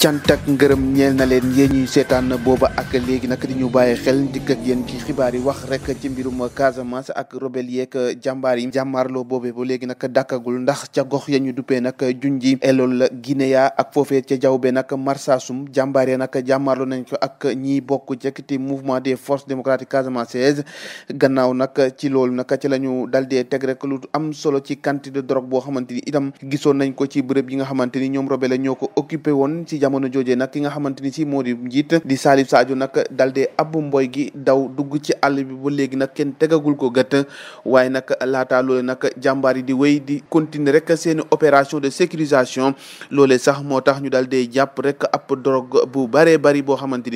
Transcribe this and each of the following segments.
cant ak ngërëm ñeel na leen yéen ñu seetaan booba ak léegi nag di ñu bàyyi xel dikk ak ci xibaar yi wax rek ci mbirum Casamance ak rebel yeeg jàmbaar yi jàmmaarloo boobee ba léegi nag dàkkagul ndax ca gox ya ñu duppee nag junji elol Guinea ak foofee ca jawbe nag Marsassoum jàmbaar ya nag jàmmaarloo nañ ko ak ñiy bokk ci ci mouvement des forces démocratiques casamançaises gannaaw nag ci loolu nag ci la ñu dal dee teg rek lu am solo ci quantité de drogue boo xamante ni itam gisoon nañ ko ci bërëb yi nga xamante ni ñoom rebel la ñoo ko occupé woon ci jamono joojee nag ki nga xamante ni si moo di njiit di Salif Sadio nag dal dee ab mboy gi daw dugg ci àll bi ba léegi nag kenn tegagul ko gët waaye nag laataa loole nag jàmbaar yi di wéy di continuer rek seeni opération de sécurisation loole sax moo tax ñu dal dee jàpp rek ab drogue bu baree bari boo xamante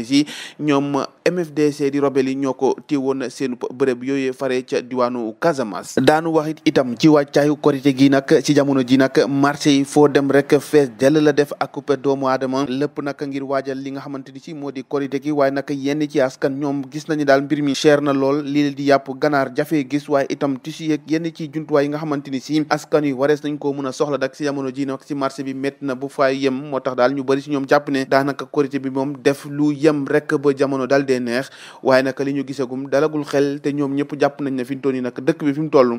ñoom MFDC di rebelle yi ñoo ko téewoon seen bërëb yooyu fare ca diwaanu Casamance daanu wax it itam ci wàccaayu korite gi nag ci jamono ji nag marché yi foo dem rek fees dell la def ak coupé doomu aadama lépp nag ngir waajal li nga xamante ni ci moo di korite gi waaye nag yenn ci askan ñoom gis nañu daal mbir mi cher na lool lii di yàpp ganaar jafe gis waaye itam tissu yeeg yenn ci jumtuwaay yi nga xamante ni si askan yi warees nañ ko mën a soxla dak si jamono ji nag si marché bi métti na bu fay yem moo tax daal ñu bëri si ñoom jàpp ne daanaka korite bi moom def lu yem rek ba jamono daal dee neex waaye nag li ñu gisagum dalagul xel te ñoom ñëpp jàpp nañ ne fi mu toll nii nag dëkk bi fi mu toll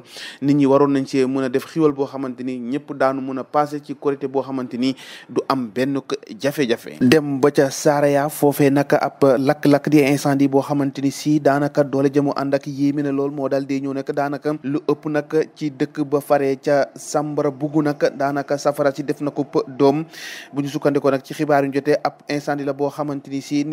ñi waroon nañ cee mën a def xiwal boo xamante ni ñëpp daanu mën a passé ci korité boo xamante ni du am benn jafe-jafe dem ba ca Saraya foofe nag ab lakk-lakk di incendie boo xamante ni si daanaka doole jëmu ànd ak yéeme na lool moo daal dee ñëw nag daanaka lu ëpp nag ci dëkk ba fare ca Sambara Bugu nag daanaka safara ci def na ko doom bu ñu sukkandikoo nag ci xibaar yu jotee ab incendie la boo xamante si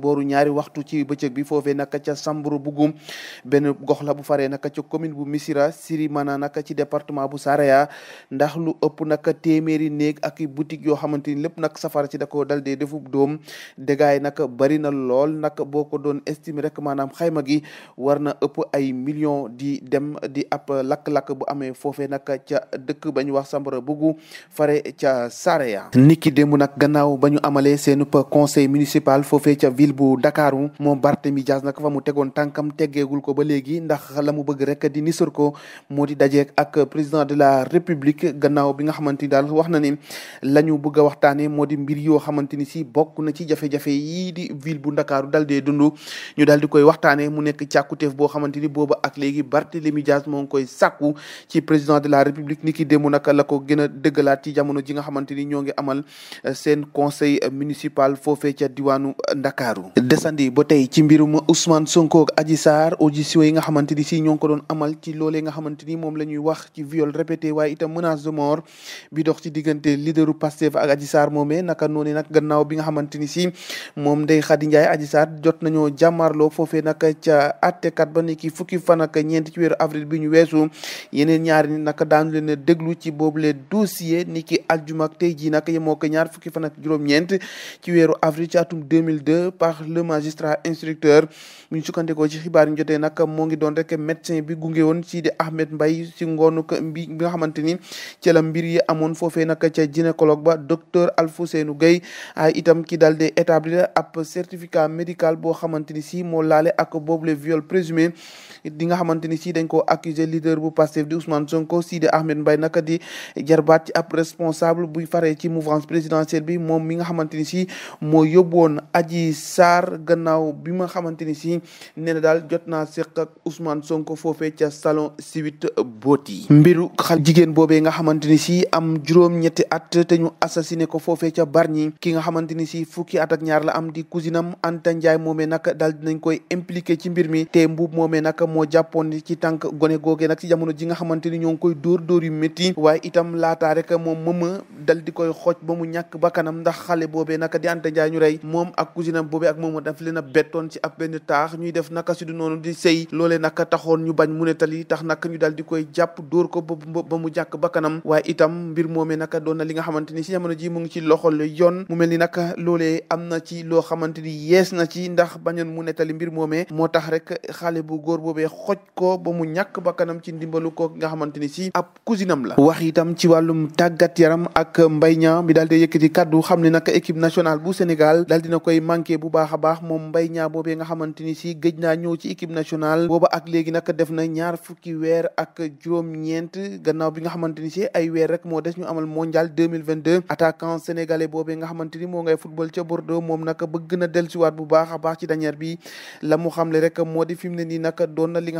booru ñaari waxtu ci bëccëg bi foofee naka ca Samburu Bugum benn gox la bu faree naka ca commune bu Missirah Sirimana naka ci département bu Saraya ndax lu ëpp naka téeméeri néeg ak i boutique yoo xamante ni lépp nag safara ci da ko dal dee defub doom dégâts yi naka bari na lool naka boo ko doon estime rek maanaam xayma gi war na ëpp ay millions di dem di ab lakk-lakk bu amee foofee naka ca dëkk ba ñu wax Samburu Bugum fare ca Saraya niki démb gannaaw ba amalee seen conseil municipal foofee ca ville bu Ndakaaru moom Barthélemy Dias nag fa mu tegoon tànkam teggeegul ko ba léegi ndax la mu bëgg rek di nisar ko moo di dajeek ak président de la république gannaaw bi nga xamante ni daal wax na ne la ñu bëgg a waxtaane moo di mbir yoo xamante ni si bokk na ci jafe yii di bu Ndakaaru dal dee dund ñu daal di koy waxtaane mu nekk càkkuteef boo xamante ni booba ak léegi Barthélemy Dias moo ngi koy sàkku ci président de la république ni ki démb naka la ko gën a dëggalaat ci jamono ji nga xamante ni ñoo ngi amal seen conseil municipal foofee ca diwaanu Ndakaaru Ndakaaru desandi ba tey ci mbirum Ousmane Sonko ak audition yi nga xamante ni si ñoo doon amal ci loolee nga xamante ni moom la ñuy wax ci viol répété waaye itam menace de mort bi dox ci diggante leaderu Pastef ak Adji Sarr moomee naka noonu nag gannaaw bi nga xamante ni si moom Ndeye Khady Ndiaye Adji jot nañoo jàmmarloo foofee nag ca àttekat ba ni ki fukki fan ak ñeent ci weeru avril bi ñu weesu yeneen ñaari nit nag daanu a déglu ci boobule dossier ni ki aljuma ak tey jii nag yemoo ko ñaar fukki fan ak juróom-ñeent ci baax le magistrat instructeur bu ñu sukkandikoo ci xibaar yi jotee nag moo ngi doon rek médecin bi gunge woon Ahmed Mbaye si ngoonu bi nga xamante ni ci la mbir yi amoon foofee nag ca gynécologue ba docteur Alfousseynou Gueye ay ah, itam ki daal di établir ab certificat médical boo xamante ni si moo laale ak boobule viol présumé di nga xamante ni si dañ ko accuser leader bu Pastef di Ousmane Sonko Sidi Ahmed Mbaye nag di jarbaat ci ab responsable buy faree ci mouvance présidentielle bi moom mi nga xamante ni Sarr gannaaw bi ma xamante ni si nee na daal jot naa seq ak Ousmane Sonko foofee ca salon Civit Booti mbiru xal jigéen boobee nga xamante ni si am juróom-ñetti at te ñu assassiné ko foofee ca Bargny ki nga xamante ni si fukki at ak ñaar la am di cousinam Anta Ndiaye moome nag daal dinañ koy impliqué ci mbir mi te mbuub moomee nag moo jàppoon ci tànk gone googee nag ci jamono ji nga xamante ni ñoo ngi koy dóor dóor yu métti waaye itam laataa rek moom mëma dal di koy xooj ba mu ñàkk bakkanam ndax xale boobee nag di Anta rey moom boobee ak moomu daf leen a ci ab benn taax ñuy def naka si noonu di sëy loolee naka taxoon ñu bañ mu ne tax naka ñu daal di koy jàpp door ko ba mu jàkk bakkanam waaye itam mbir moomee naka doon na li nga xamante ni si jamono ji mu ngi ci loxol yoon mu mel ni naka loolee am na ci loo xamante ni yees na ci ndax bañoon mu nettali mbir moomee moo tax rek xale bu góor boobee xoj ko ba mu ñàkk bakkanam ci ndimbalu ko nga xamante ni si ab cousinam la wax itam ci wàllum tàggat yaram ak mbay ñaa mi daal di kaddu kàddu xam ne naka équipe nationale bu Sénégal daal dina koy manqué bu bu baax a baax moom Mbaye Niang boobee nga xamante ni si gëj naa ñëw ci équipe nationale booba ak léegi nag def ñaar fukki weer ak juróom-ñeent gannaaw bi nga xamante ni si ay weer moo des ñu amal mondial 2022 attaquant sénégalais boobee nga xamante ni moo ngay football a baax ci dernière mu xamle rek moo di fi mu na li nga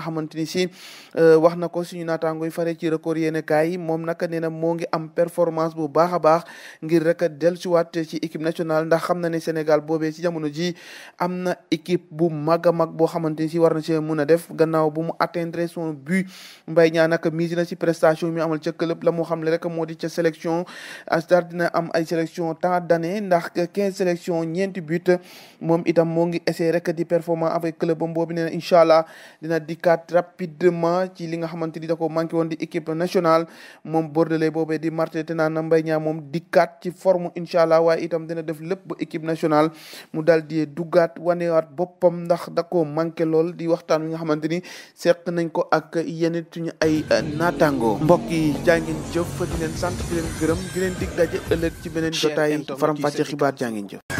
xamante ni si euh, na ko suñu naataango yi fare ci record yéene kaay moom nag nee na moo ngi am performance bu baax a baax ngir rek dellusiwaat ci équipe nationale ndax xam na ne Sénégal boobee ci jamono ji am na équipe bu mag a mag boo xamante ni si war na see mun a def gannaaw bu mu atteindre son but mbay Niang nag mise na si prestation mi amal ca club la moo xam ne rek moo di ca sélection Astar dina am ay sélection tant d'années ndax quinze sélection ñeenti but moom itam moo ngi essayé rek di performant avec club bam boobu nee na incha allah dina dikkaat rapidement ci li nga xamante ni da ko manqué woon di équipe nationale moom bordelais boobee di marté te naan mbay Niang moom dikkaat ci forme incha allah waaye itam dina def lépp ba équipe nationale mu dal addiyee duggaat wanewaat boppam ndax da koo manqué lool di waxtaan wi nga xamante ni seq nañ ko ak yeneen suñu ay euh, naataango mbokk yi jaa ngeen jëf di leen sant di leen gërëm di leen dig daje ëllëg ci beneen jotaay faram-fàcce xibaar jaa ngeen jëf